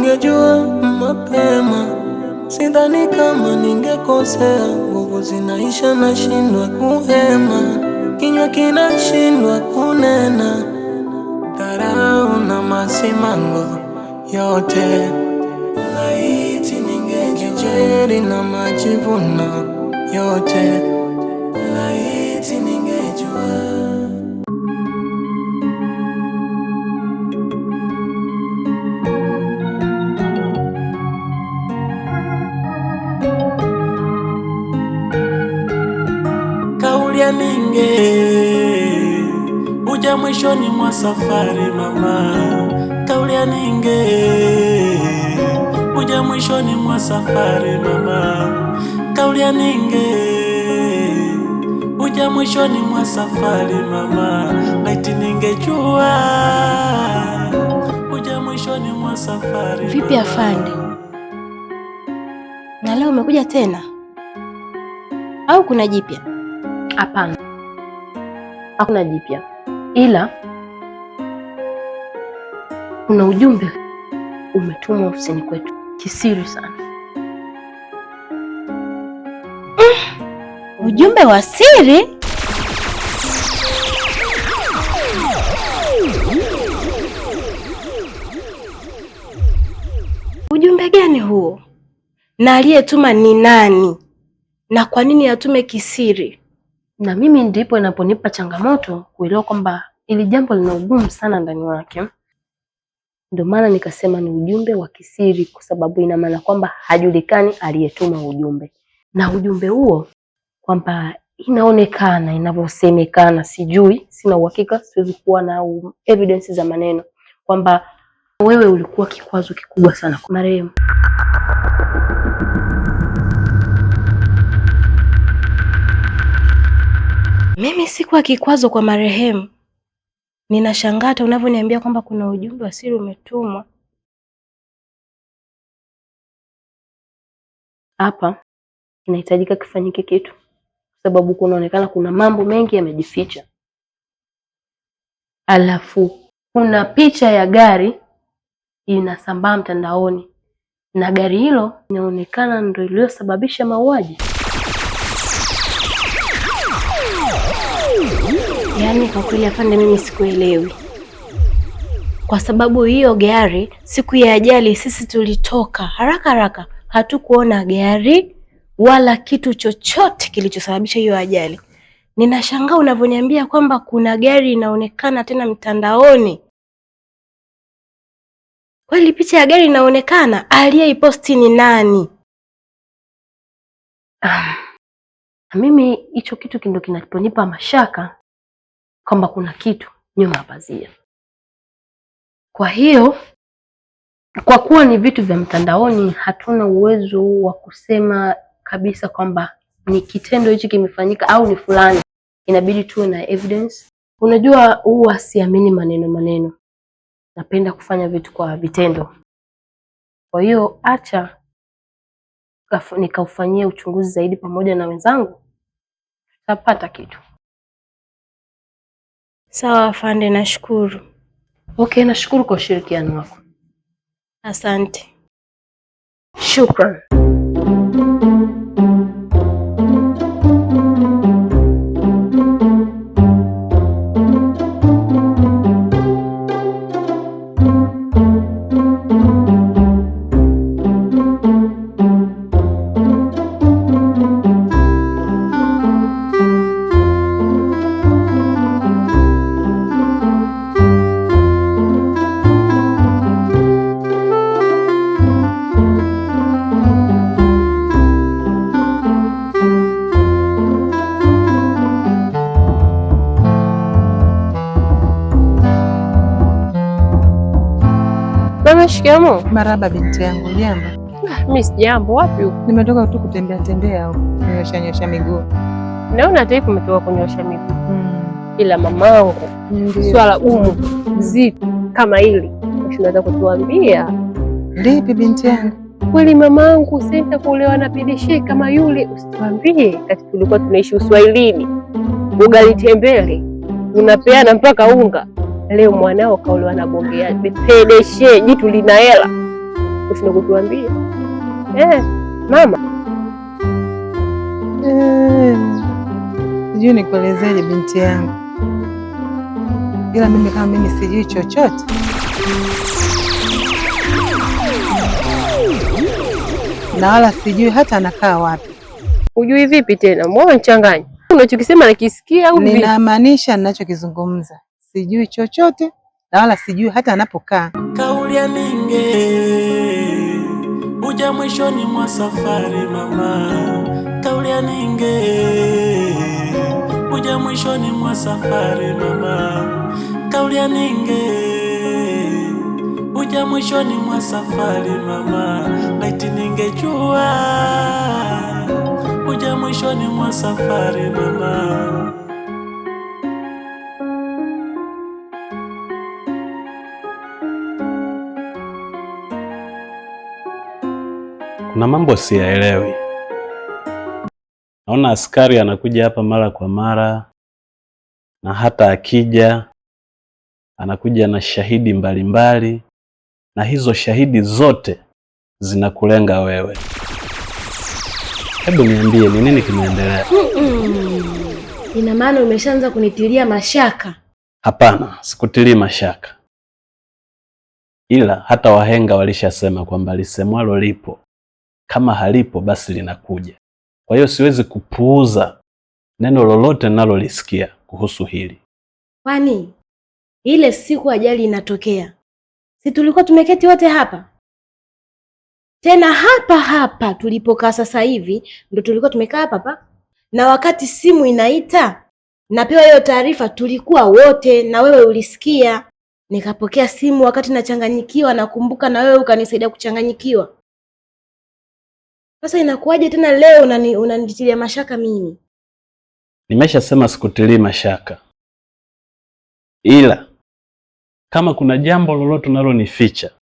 Ningejua mapema, sidhani kama ningekosea. Nguvu zinaisha, nashindwa kuhema, kinywa kinashindwa kunena, dharau na masimango yote. Laiti ningejijeri na majivuno yote ninge uja mwishoni mwa safari mama, kaulia ninge, uja mwishoni mwa safari mama, kaulia ninge, uja mwishoni mwa safari mama, laiti ningejua, uja mwishoni mwa safari. Vipi afande, na leo umekuja tena au kuna jipya? Hapana, hakuna jipya, ila kuna ujumbe umetumwa ofisini kwetu kisiri sana. Mm, ujumbe wa siri? Ujumbe gani huo? Na aliyetuma ni nani? Na kwa nini atume kisiri? na mimi ndipo inaponipa changamoto kuelewa kwamba ili jambo lina ugumu sana ndani wake. Ndio maana nikasema ni ujumbe wa kisiri, kwa sababu ina maana kwamba hajulikani aliyetuma ujumbe, na ujumbe huo kwamba inaonekana inavyosemekana, sijui, sina uhakika, siwezi kuwa na evidence za maneno, kwamba wewe ulikuwa kikwazo kikubwa sana kwa marehemu. Mimi sikuwa kikwazo kwa marehemu. Ninashangata unavyoniambia kwamba kuna ujumbe wa siri umetumwa hapa. Inahitajika kifanyike kitu, kwa sababu kunaonekana kuna mambo mengi yamejificha. Alafu kuna picha ya gari inasambaa mtandaoni, na gari hilo inaonekana ndio iliyosababisha mauaji. Yaani kwa kweli afande, mimi sikuelewi, kwa sababu hiyo gari siku ya ajali sisi tulitoka haraka haraka, hatukuona gari wala kitu chochote kilichosababisha hiyo ajali. Ninashangaa unavyoniambia kwamba kuna gari inaonekana tena mtandaoni. Kweli picha ya gari inaonekana, aliyeiposti ni nani? Ah, mimi hicho kitu kindo kinaponipa mashaka kwamba kuna kitu nyuma ya pazia. Kwa hiyo kwa kuwa ni vitu vya mtandaoni, hatuna uwezo wa kusema kabisa kwamba ni kitendo hichi kimefanyika au ni fulani, inabidi tuwe na evidence. Unajua, huwa siamini maneno maneno, napenda kufanya vitu kwa vitendo. Kwa hiyo acha nikaufanyia uchunguzi zaidi pamoja na wenzangu, tutapata kitu. Sawa afande, nashukuru. Okay, nashukuru kwa ushirikiano wako. Asante. Shukran. Shikamoo. Maraba binti yangu, jambo. Mimi jambo wapi huko? Nimetoka tu kutembea tembea huko, nyosha nyosha miguu. Naona hata hivi umetoka kunyosha miguu. Mm. Ila mamangu, swala umu zito kama hili, unaweza kutuambia lipi binti yangu? Kweli mamangu, senta kuolewa na pidishe kama yule, usituambie kati tulikuwa tunaishi uswahilini, ugali tembele unapeana mpaka unga leo mwanao kaolewa na bongea pedeshe jitu lina hela, usina kutuambia eh, mama eh, sijui eh, nikuelezeje binti yangu, ila mimi kama mimi sijui chochote na wala sijui hata anakaa wapi. Ujui vipi tena? Mbona unachanganya unachokisema nakisikia au? Ninamaanisha ninachokizungumza sijui chochote na wala sijui hata anapokaa. Kauli ya ninge uja mwishoni mwa safari mama, kauli ya ninge uja mwishoni mwa safari mama, kauli ya ninge uja mwishoni mwa safari mama, laiti ningejua uja mwishoni mwa safari mama. kuna mambo siyaelewi. Naona askari anakuja hapa mara kwa mara, na hata akija anakuja na shahidi mbalimbali mbali, na hizo shahidi zote zinakulenga wewe. Hebu niambie ni nini kinaendelea? Mm-mm. Ina maana umeshaanza kunitilia mashaka? Hapana, sikutilii mashaka, ila hata wahenga walishasema kwamba lisemwalo lipo kama halipo basi linakuja. Kwa hiyo siwezi kupuuza neno lolote ninalolisikia kuhusu hili, kwani ile siku ajali inatokea, si tulikuwa tumeketi wote hapa tena hapa hapa tulipokaa sasa hivi ndo tulikuwa tumekaa hapa hapa, na wakati simu inaita napewa hiyo taarifa, tulikuwa wote na wewe ulisikia. Nikapokea simu wakati nachanganyikiwa, nakumbuka na wewe ukanisaidia kuchanganyikiwa. Sasa inakuwaje tena leo unani unanitilia mashaka mimi? Nimeshasema sikutilii mashaka, ila kama kuna jambo lolote unalonificha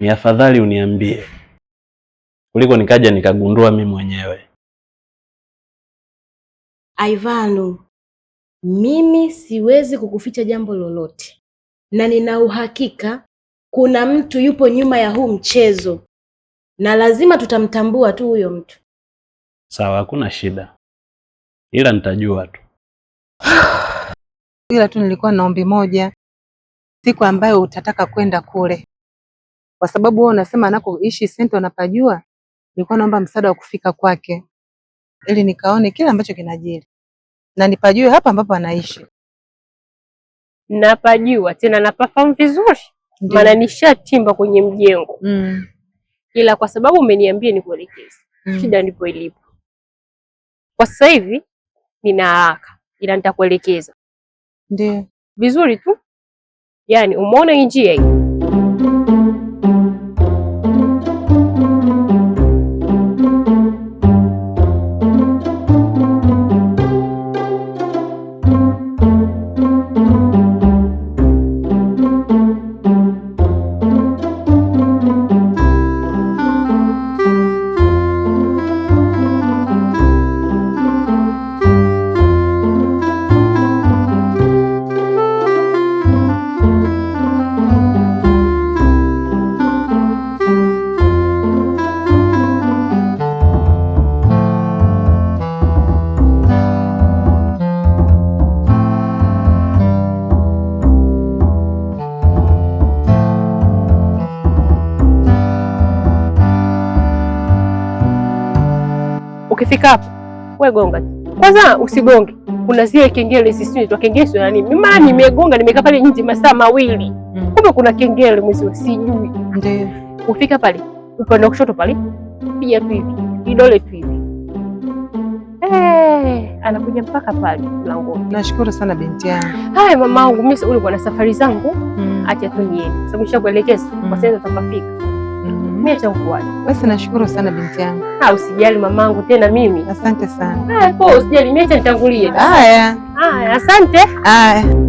ni afadhali uniambie kuliko nikaja nikagundua mimi mwenyewe. Aivano, mimi siwezi kukuficha jambo lolote, na nina uhakika kuna mtu yupo nyuma ya huu mchezo na lazima tutamtambua tu huyo mtu. Sawa, hakuna shida, ila nitajua tu ila tu nilikuwa na ombi moja, siku ambayo utataka kwenda kule, kwa sababu wewe unasema anakoishi sento anapajua, nilikuwa naomba msaada wa kufika kwake ili nikaone kile ambacho kinajiri na nipajue hapa ambapo anaishi. Napajua tena, napafahamu vizuri, maana nishatimba kwenye mjengo mm ila kwa sababu umeniambia nikuelekeze, mm. shida ndipo ilipo. Kwa sasa hivi nina haraka, ila nitakuelekeza. Ndio vizuri tu, yani umeona hii njia hii Ukifika hapo wewe gonga kwanza, usigonge. Kuna zile kengele sisi tu kengele sio nini, mimi nimegonga nimekaa pale nje masaa mawili mm. Kumbe kuna kengele mwezi sijui. Ndio ufika pale upande kushoto pale, pia tu hivi kidole tu hivi Hey, eh, anakuja mpaka pale mlangoni. Nashukuru sana binti yangu. Haya mama wangu, mimi ule kwa safari zangu, mm. acha tu niende. Sasa nishakuelekeza, mm. kwa sasa tutafika Miacha ukuaji basi. Nashukuru sana binti yangu. Usijali mamangu, tena mimi asante sana. Eh, usijali, miacha nitangulie. Haya haya, asante. Haya.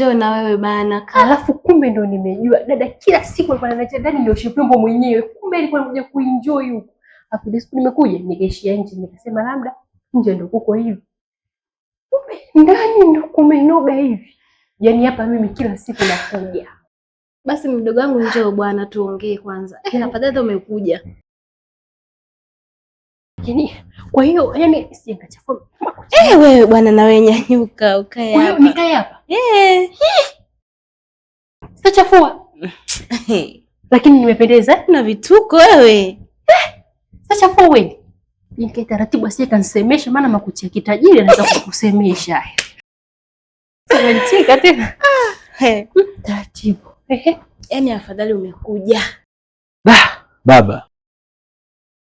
njoo na wewe bana. Ah, alafu kumbe ndo nimejua dada, kila siku alikuwa ananiacha ndani ndio shipembo mwenyewe, kumbe alikuwa anakuja kuenjoy huko. Afu nimekuja nikaishia nje, nikasema labda nje ndo kuko hivi, kumbe ndani ndo kumenoga hivi. Yani hapa mimi kila siku nakuja. Basi mdogo wangu, njoo bwana, tuongee kwanza. Eh, eh. padada umekuja. Yaani kwa hiyo yani sijangachafua. Eh, wewe bwana, na wewe nyanyuka ukae hapa. Nikae hapa. Eh. sachafua lakini nimependeza na vituko wewe. Eh. Sitachafua wewe. Nikae taratibu asije kansemesha, maana makucha kitajiri anaweza kukusemesha. Semantika tena. Ah. Eh. Hmm, taratibu. Yaani afadhali umekuja. Ba, baba.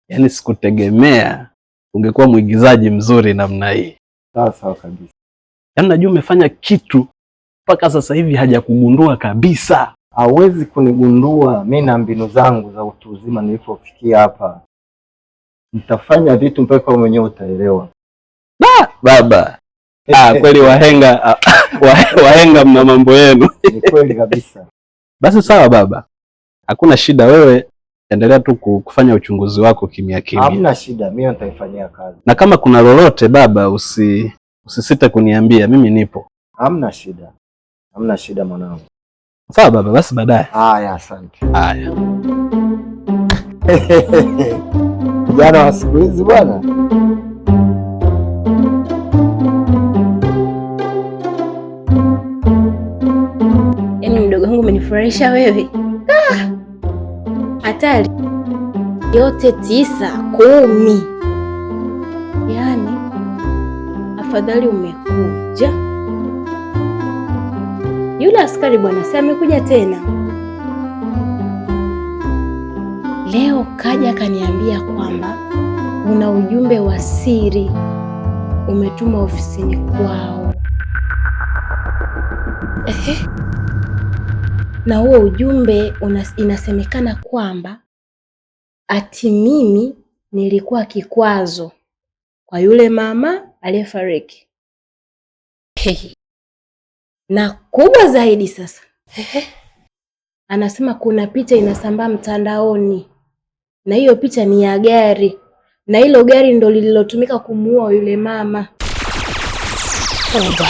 Yaani sikutegemea ungekuwa mwigizaji mzuri namna hii. Sawa sawa kabisa. Yaani najua umefanya kitu mpaka sasa hivi hajakugundua kabisa. Hawezi kunigundua mi na mbinu zangu za utu uzima nilipofikia hapa. Nitafanya vitu mpaka mwenyewe utaelewa. Nah, baba ah, kweli wahenga ah, wahenga, mna mambo yenu. Ni kweli kabisa. Basi sawa baba, hakuna shida, wewe endelea tu kufanya uchunguzi wako kimya kimya. Hamna shida, mimi nitaifanyia kazi, na kama kuna lolote baba, usi usisite kuniambia, mimi nipo. Hamna shida. Hamna shida mwanangu. Sawa baba, basi baadaye. Haya, asante. Haya. Vijana wa siku hizi bwana. Yaani mdogo wangu umenifurahisha wewe. Ah! Hatari ah! yote tisa kumi, yaani afadhali umekuja yule askari bwana, si amekuja tena leo? Kaja akaniambia kwamba una ujumbe wa siri umetuma ofisini kwao. Ehe, na huo ujumbe inasemekana kwamba ati mimi nilikuwa kikwazo kwa yule mama aliyefariki. Hey, na kubwa zaidi sasa. Ehe. Anasema kuna picha inasambaa mtandaoni na hiyo picha ni ya gari na hilo gari ndo lililotumika kumuua yule mama. Oba.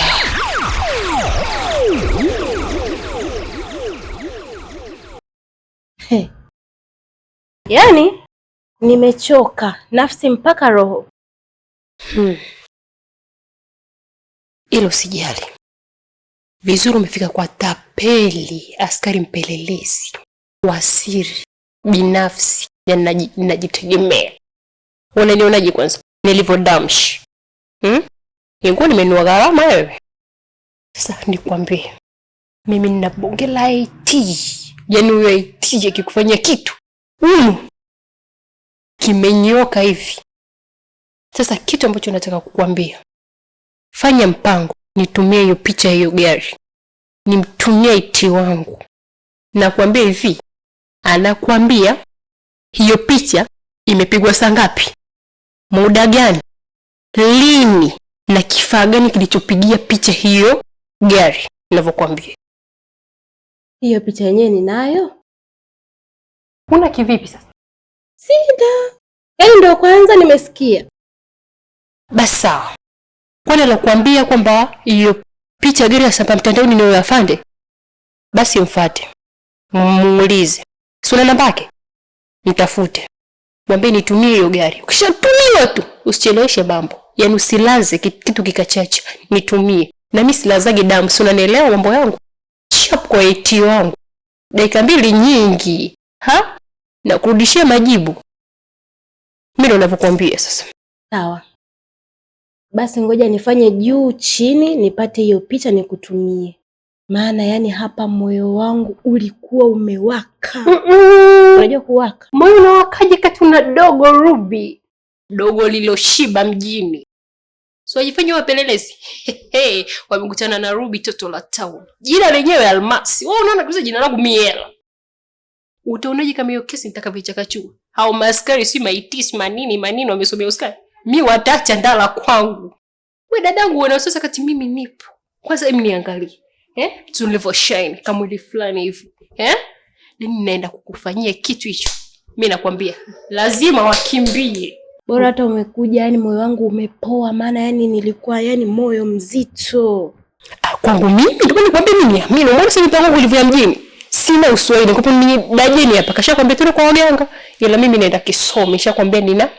He. Yaani nimechoka nafsi mpaka roho. Hmm. Ilo sijali. Vizuri umefika kwa tapeli, askari mpelelezi wa siri binafsi ya ninajitegemea. Unanionaje kwanza nilivyodamshi hmm? Ingua nimenua gharama wewe. Sasa nikwambie mimi nina bonge la IT, yani huyo IT akikufanyia kitu umu kimenyoka hivi. Sasa kitu ambacho nataka kukwambia, fanya mpango nitumie hiyo picha hiyo gari, nimtumie iti wangu. Nakwambia hivi, anakwambia hiyo picha imepigwa saa ngapi, muda gani, lini na kifaa gani kilichopigia picha hiyo gari. inavyokwambia hiyo picha yenyewe ninayo. Una kivipi sasa? sida yaani ndio kwanza nimesikia. Basi sawa Kwani alokuambia kwamba hiyo picha gari ya mtandaoni nayo yafande? Basi mfate, muulize, suna una Mtafute, mwambie nitumie hiyo gari. Ukishatumiwa tu usicheleweshe mambo, yaani usilaze kitu kikachacha, nitumie na mi silazage damu, si Mambo yangu chap kwa eti wangu, dakika mbili nyingi ha na kurudishia majibu, mimi ndo ninavyokuambia sasa, sawa? basi ngoja nifanye juu chini nipate hiyo picha nikutumie, maana yani hapa moyo wangu ulikuwa umewaka. mm -mm. Unajua kuwaka moyo unawakaje kati una dogo Ruby, dogo liloshiba mjini, so wajifanya wapelelezi wamekutana na Ruby toto la town, jina lenyewe Almasi. Wewe unaona kabisa jina langu Miela. Utaonaje kama hiyo kesi nitakavyoichakachua? Hao maaskari si maitisi manini manini wamesomea uskari mi wataacha ndala kwangu. We dadangu, wanaosasa kati mimi nipo kwanza, hebu niangalie eh, shine kama ile fulani hivi eh, nini naenda kukufanyia kitu hicho. Mi nakwambia lazima wakimbie. Bora hata umekuja, yani moyo wangu umepoa, maana yani nilikuwa yani moyo mzito ah, kwangu mimi. Ndio nikwambia mimi niamini, mbona sasa mipango yangu ilivyo mjini sina uswahili, kwa mimi dajeni hapa kashakwambia kwambia kwa waganga, ila mimi naenda kisomi, nishakwambia nina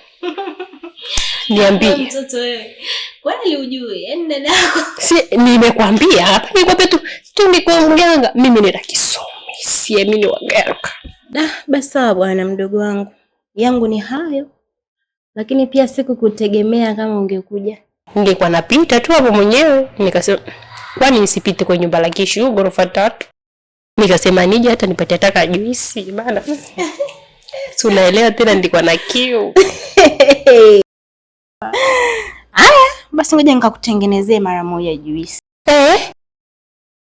niambie kweli ujui yani dada yako si nimekwambia hapa nikwambia tu tu ni kwa mganga mimi ni dakisomi sie waganga da basi sawa bwana mdogo wangu yangu ni hayo lakini pia sikukutegemea kama ungekuja ningekuwa napita tu hapo mwenyewe nikasema kwani nisipite kwenye nyumba la kishu ghorofa tatu nikasema nije hata nipate taka juisi bana tunaelewa tena nilikuwa na kiu Haya basi, ngoja nikakutengenezee mara moja juisi. Eh,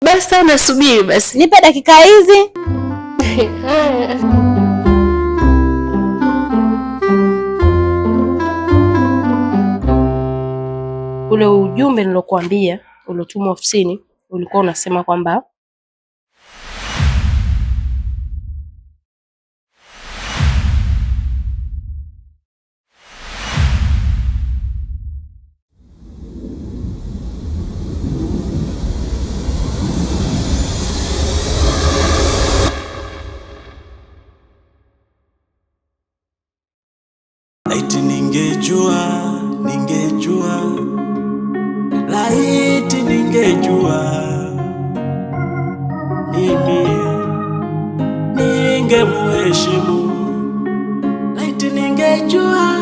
basi sana, subiri basi, nipe dakika hizi ule ujumbe nilokuambia uliotumwa ofisini ulikuwa unasema kwamba laiti ningejua mimi muheshimu laiti ningejua